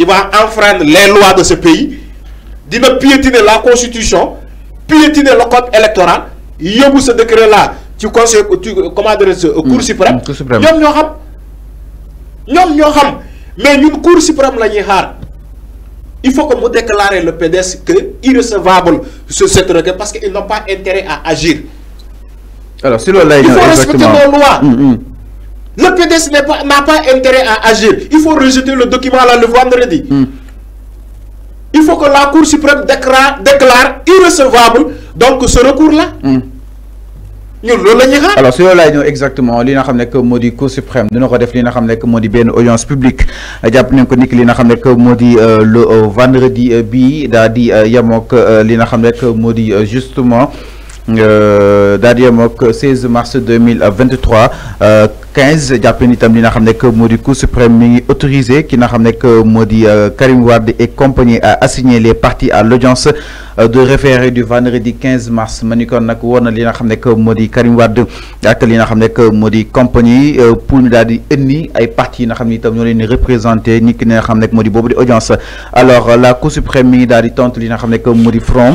il va enfreindre les lois de ce pays piétiner la constitution piétiner le code électoral Y a ce décret là tu conseil ce hmm. cours suprême hmm, ñoo xam mais ñun cour suprême la il faut que vous déclarez le PDS que irrecevable sur cette requête parce qu'ils n'ont pas intérêt à agir alors si le il faut respecter nos lois hmm, le PDS n'a pas, intérêt à agir. Il faut rejeter le document là le vendredi. Hmm. Il faut que la Cour suprême déclare, déclare irrecevable donc ce recours-là. Hmm. alors c'est exactement li nga xam cour suprême de ko def li audience publique nous avons ko que li avons dit euh, le euh, vendredi nous euh, avons di que li justement le 16 mars 2023 15, jàpp tam li nga xamné que modi cour suprême mi ngi autorisé ki nga xamné que modi euh, Karim Ward et compagnie a assigné les parties à l'audience euh, de référé du vendredi 15 mars ma kon nag na li nga xam nekk moo Karim Wade ak li nga xamné que modi compagnie euh, pour ni daal di indi ay parties nga xam ne ñoo leen ni ki nga xamné que modi bobu di audience alors la cour suprême mi ngi daal di li nga xamné que modi front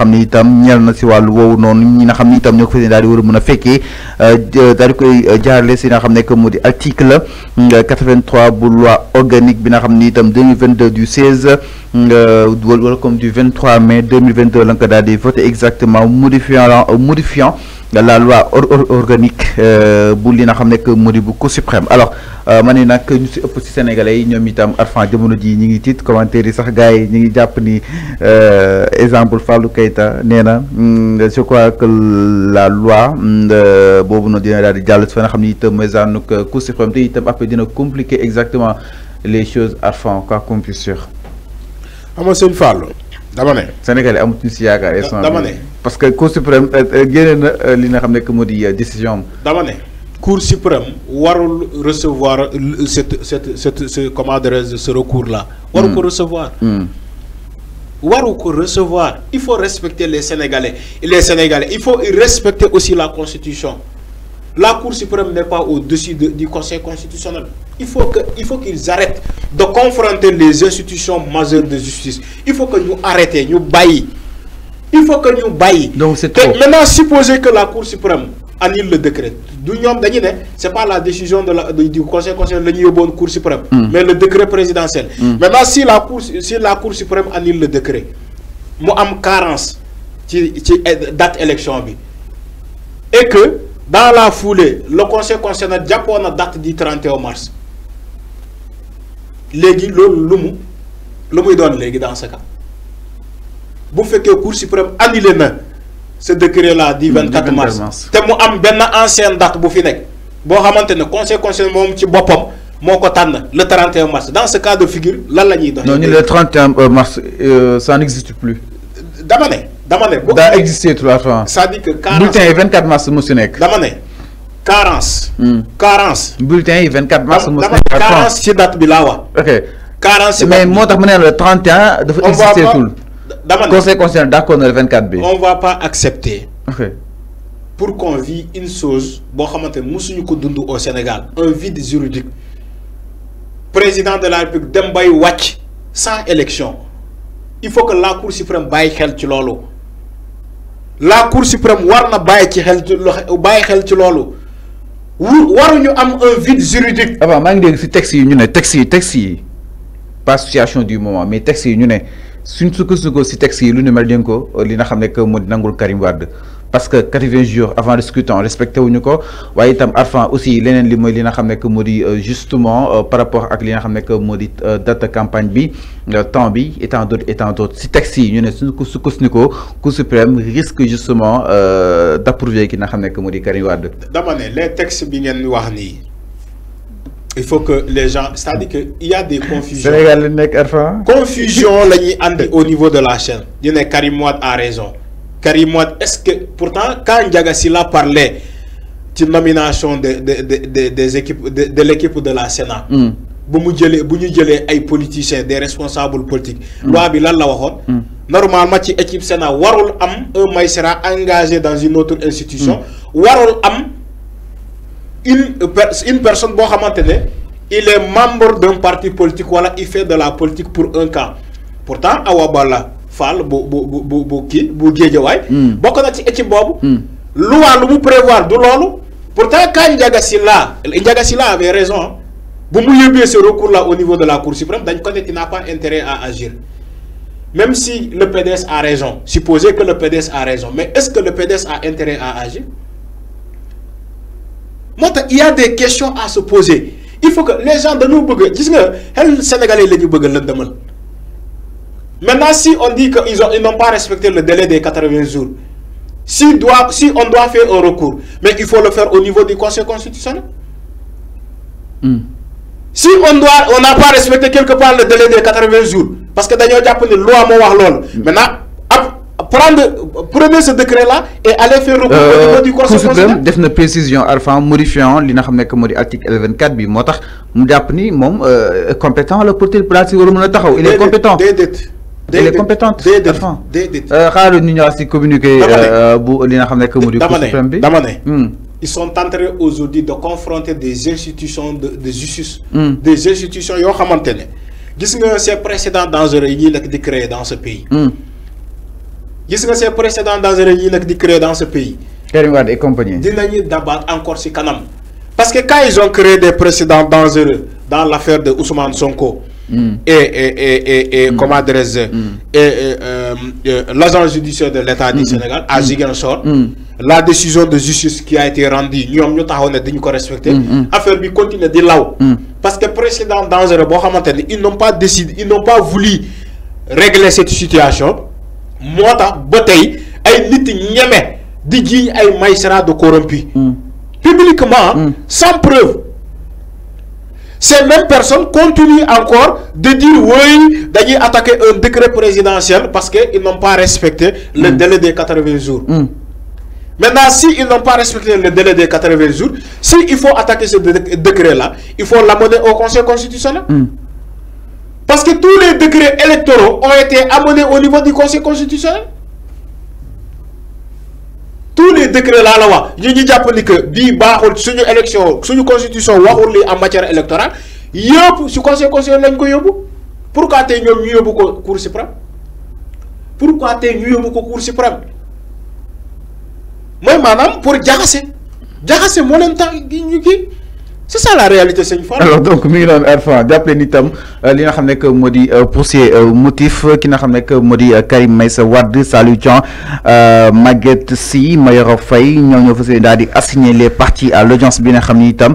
xam ne itam ñeel na si wàllu woowu noonu ñi nga xam ne itam ñoo ko fas yéene daal di war a mën a fekkee euh, euh, daal di koy euh, jaarale si nga xam ne que moo di article 83 bu loi organique bi na xam ne itam 2022 du 16 wala comme du 23 mai 2022 la nga ko daal di voté exactement modifiant modifiant la loi organique euh, bu li nga xam nekk mu suprême alors euh, ma ne nag ñu si ëpp sénégalais yi itam Arfan jamono ji ñi ngi tiit commentaire yi sax gars ñi ngi jàpp ni euh, exemple Fallou Keita nee na mm, je crois que la loi mm, boobu noonu dina daal di jàll si fa nga xam ne itam mooy suprême te itam après dina compliquer exactement les choses Arfan quoi qu'on puisse sûr. Fallou dama ne sénégalais yi amatuñu si parce que cour suprême euh, euh, génne na euh, li nga décision ne cour suprême warul recevoir cette cette cette ce comment ce recours là. waru hmm. ko recevoir. Hmm. waru ko recevoir il faut respecter les Sénégalais les Sénégalais il faut respecter aussi la constitution. La Cour suprême n'est pas au-dessus du Conseil constitutionnel. Il faut qu'ils arrêtent de confronter les institutions majeures de justice. Il faut que nous arrêtions, nous baillions. Il faut que nous baillions. Maintenant, supposer que la Cour suprême annule le décret. Ce n'est pas la décision de du Conseil constitutionnel Cour suprême, hmm. mais le décret présidentiel. Hmm. Maintenant, si la, cour, si la Cour suprême annule le décret, moi, am carence, date élection, et que dans la foulée, le conseil concernant japon a date du 31 mars Légui, l'homme, lu mu dans ce cas que le cours suprême annulé ce décret là du 24 hmm, mars C'est une am bena ancienne date bu fi nekk conseil concernant mon le 31 mars dans ce cas de figure lan la non le 31 euh, mars euh, ça n'existe plus. D'abord dama ne boo exister trois fois. c'est-à-dire que carence bulletin yi 24 mars mu si nekk. dama ne carence. carence. Hmm. bulletin yi 24 mars mu si nekk. carence ci date bi laa wax. ok carence mais moo tax mu ne le 31. dafa exister tout. dama conseil constitutionnel d'accord le 24 bi. on va pas accepter. ok pour qu'on vit une chose boo xamante ne mosuñu ko dund au Sénégal un vide juridique président de la République dem Watch, sans élection il faut que la Cour suprême bàyyi xel ci loolu. la cour suprême war na bàyyi ci xel ci loxo bàyyi xel ci loolu wu ñu am un vide juridique. avant ah maa ngi dégg si texte yi ñu ne texte yi texte yi pas situation du moment mais texte yi ñu ne suñ sukkandiku si texte yi lu ni mel dénk ko li na xam ne que moo di nangul Karim Wade. parce que 80 jours avant le scrutin respecté ou ko waaye itam arfan aussi leneen li mooy li nga que euh, justement euh, par rapport à li nga xam ne que euh, date campagne bi temps bi étant d'autres étant d'autres si texte yi ñu ne suñu ko suprême risque justement d'approuver ki n'a jamais que moo di Karim Wade. dama les textes bi ngeen wax il faut que les gens c'est-à-dire que il y a des confusions Sénégal arfan confusion la ñuy au niveau de la chaîne Il y a Karim Wade a raison m'a dit est-ce que pourtant quand Ndiaga parlait ci nomination de de de de des équipes de l'équipe de la Sénat. Mm. bu mu dire bu ñu politiciens des responsables politiques. Mm. loi bi mm. normalement l'équipe équipe Sénat warul am un engagé dans une autre institution. une une personne qui il est membre d'un parti politique il fait de la politique pour un cas pourtant à Fall bu bu bu bu kii bu hmm. bokk na ci équipe bobu loi hmm. lu mu prévoir du lolu pourtant quand Ndiaga Sylla Ndiaga Sylla avait raison bu mu yóbbee ce recours là au niveau de la cour suprême dañ ko il n'a pas intérêt à agir même si le PDS a raison supposé que le PDS a raison mais est-ce que le PDS a intérêt à agir Montre. il y a des questions à se poser il faut que les gens nous bëgg gis nga xel sénégalais la ñu le lëndëmal Maintenant, si on dit qu'ils n'ont pas respecté le délai des 80 jours, si, doit, si, on doit faire un recours, mais il faut le faire au niveau du Conseil constitutionnel. Hmm. Si on doit, on n'a pas respecté quelque part le délai des 80 jours, parce que d'ailleurs, il y a une loi mm. Maintenant, prendre, prenez ce décret-là et allez faire recours au niveau du Conseil euh, constitutionnel. Def une précision, Arfan, modifiant l'article euh, L24, il est compétent pour porter le Il est compétent elle est compétente déedéet déedéet xaaral ñu ñëwaat si communiqué euh, bu li nga que di hmm. ils sont entrés aujourd'hui de confronter des institutions de de justice hmm. des institutions yoo xamante ne gis nga ces précédents dangereux yi nekk di créer dans ce pays hmm. gis nga ces précédent dangereux yi nekk di créer dans ce pays Karim Wade et compagnie dinañu d'abattre encore si kanam parce que quand ils ont créé des précédents dangereux dans l'affaire de Ousmane Sonko Mm. et, et, et, et mm. comment mm. euh, euh, l'agent judiciaire de l'État du mm. Sénégal, a à Ziguinchor, la décision de justice qui a été rendue, nous avons nous respecter. affaire continue de là Parce que précédent dangereux, ils n'ont pas décidé, ils n'ont pas voulu régler cette situation. Moi, bataille, ay nit ñeme di jiñ ay magistrats de corrompus publiquement sans preuve ces mêmes personnes continuent encore de dire oui, d'ailleurs attaquer un décret présidentiel parce qu'ils mm. mm. n'ont pas respecté le délai des 80 jours. Maintenant, s'ils ils n'ont pas respecté le délai des 80 jours, s'il faut attaquer ce décret-là, il faut l'amener au Conseil constitutionnel. Mm. Parce que tous les décrets électoraux ont été amenés au niveau du Conseil constitutionnel. tous les décrets laa la wax yi ñu jàpp ni que bii baaxul suñu élection suñu constitution waxul li en matière électorale yëpp si conseil constitutionnel lañ ko yóbbu pourquoi tey ñoom ñu yóbbu ko cour suprême pourquoi tey ñu yóbbu ko cour suprême mooy maanaam pour jaxase jaxase moo leen tax ñu kii c'est ça la réalité une Fall alors donc Milan ngi doon Arfan il ni itam euh, li nga xam que moo di euh, pour ces euh, motifs ki nga que Karim Meïssa Wade salut Jean, Maguette Sy Mayor Faye ñoo ñoo assigné assigner les parties à l'audience bi à xam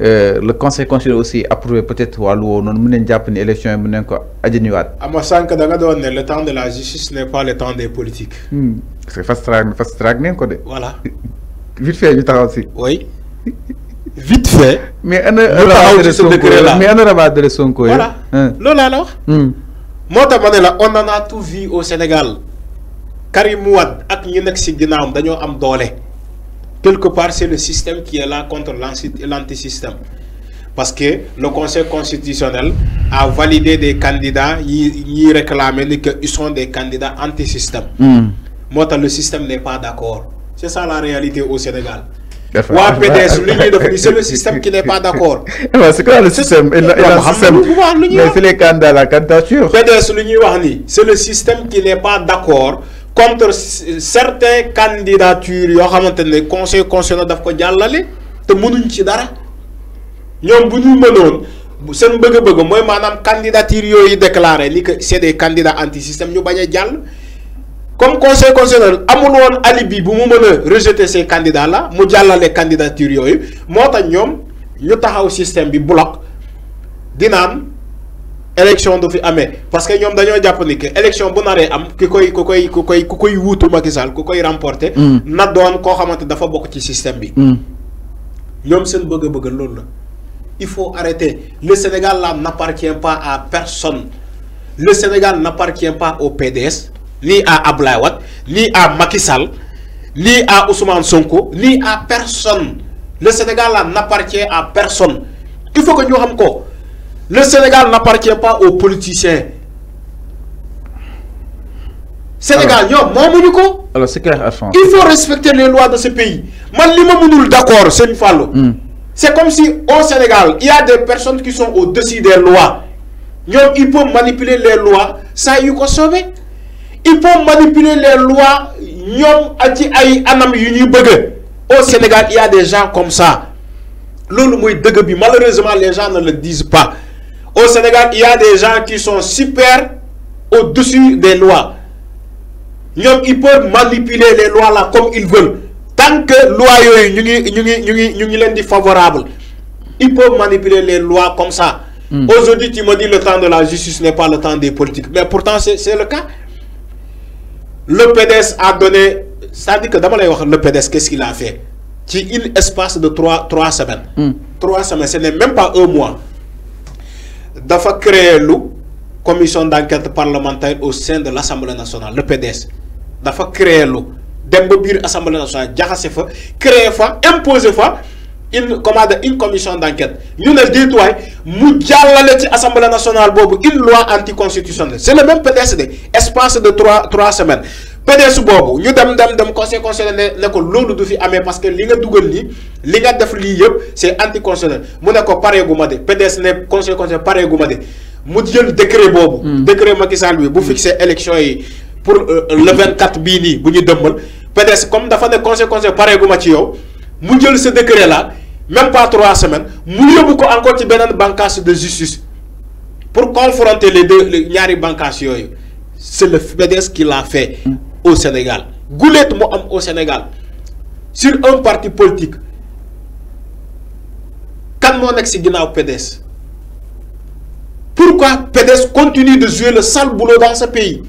Euh, le conseil constitutionnel aussi approuvé peut-être wàllu woowu non mën nañ ni élection yi mën nañ ko ajaniwaat. ama ah, sank da nga doon le temps de la justice n'est pas le temps des politiques. parce hmm. que fast track fast track nañ ko dé voilà vite fait ñu taxaw aussi. oui vite fait. mais ana rabat de Sonko mais ana rabat de Sonko voilà hein. loolu laa la wax. hmm tax mané la on en a tout vu au Sénégal Karim Wade ak ñu nekk ci ginnaawam dañu am doolé quelque part, c'est le système qui est là contre l'antisystème. Parce que le Conseil constitutionnel a validé des candidats, ils que qu'ils sont des candidats anti-système. Mm. Moi, le système n'est pas d'accord. C'est ça la réalité au Sénégal. C'est le système qui n'est pas d'accord. C'est quoi le système C'est les candidats, la candidature. C'est le système qui n'est pas d'accord. contre certains candidatures yoo xamante ne conseil constitutionnel daf ko jàllale te munuñ ci dara ñoom bu ñu mënoon seen bëgg-bëgg mooy maanaam candidature yooyu déclaré ni que c'est des candidats anti système ñu bañ a jàll comme conseil constitutionnel amul woon alibi bu mu mën a rejeter ces candidats là mu jàllale candidature yooyu moo tax ñoom ñu taxaw système bi bloc dina am. élection do fi mais parce que ñom dañu japp ni que élection bu naré am ki koy ku koy ku koy ku koy wuutu Macky Sall ku koy remporter. Mm. na doon koo xamante dafa bok ci système bi. Mm. ñom seen bëgg-bëgg lool la il faut arrêter le Sénégal n'appartient pas à personne le Sénégal n'appartient pas au PDS ni à Ablaye ni à Macky ni à Ousmane Sonko ni à personne le Sénégal n'appartient à personne il faut que ñu xam ko. Le Sénégal n'appartient pas aux politiciens. Sénégal, alors c'est clair, Il faut respecter les lois de ce pays. d'accord, c'est hmm. C'est comme si au Sénégal, il y a des personnes qui sont au-dessus des lois. ils peuvent manipuler les lois, ça y sauver. Ils peuvent manipuler les lois, Au Sénégal, il y a des gens comme ça. Malheureusement, les gens ne le disent pas. Au Sénégal, il y a des gens qui sont super au-dessus des lois. Ils peuvent manipuler les lois là comme ils veulent. Tant que les lois sont favorables, ils peuvent manipuler les lois comme ça. Hmm. Aujourd'hui, tu me dis le temps de la justice n'est pas le temps des politiques. Mais pourtant, c'est le cas. Le PDS a donné... Ça dit que d'abord, le PDS, qu'est-ce qu'il a fait il espace de trois, trois semaines. Hmm. Trois semaines, ce n'est même pas un mois dafa créer lu commission d'enquête parlementaire au sein de l'Assemblée nationale le PDS dafa créer lu dem ba Assemblée nationale jaxase fa créer fa imposer fa une commande une commission d'enquête ñu ne dit waay mu jallale ci Assemblée nationale bobu une loi anticonstitutionnelle c'est le même PDS de espace de trois trois semaines PDS boobu ñu dem dem dem conseil constitutionnel ne ko lolu du fi amé parce que li nga duggal li li nga def li yëpp c'est anti anticonstitutionnel mu ne ko paré guma dé PDS né conseil constitutionnel paré guma dé mu jël décret bobu hmm. décret Macky Sall bi bu fixer élection yi pour euh, euh, le 24 bi ni bu ñu dembal PDS comme dafa né conseil constitutionnel paré guma ci yow mu jël ce décret là même pas 3 semaines mu yóbbu ko encore ci benen bancasse de justice pour confronter les deux les ñaari bancasse yoyu c'est le PDS qui l'a fait. Hmm au Sénégal Goulette moham au Sénégal sur un parti politique Quand mon nekk ci PDS pourquoi PDS continue de jouer le sale boulot dans ce pays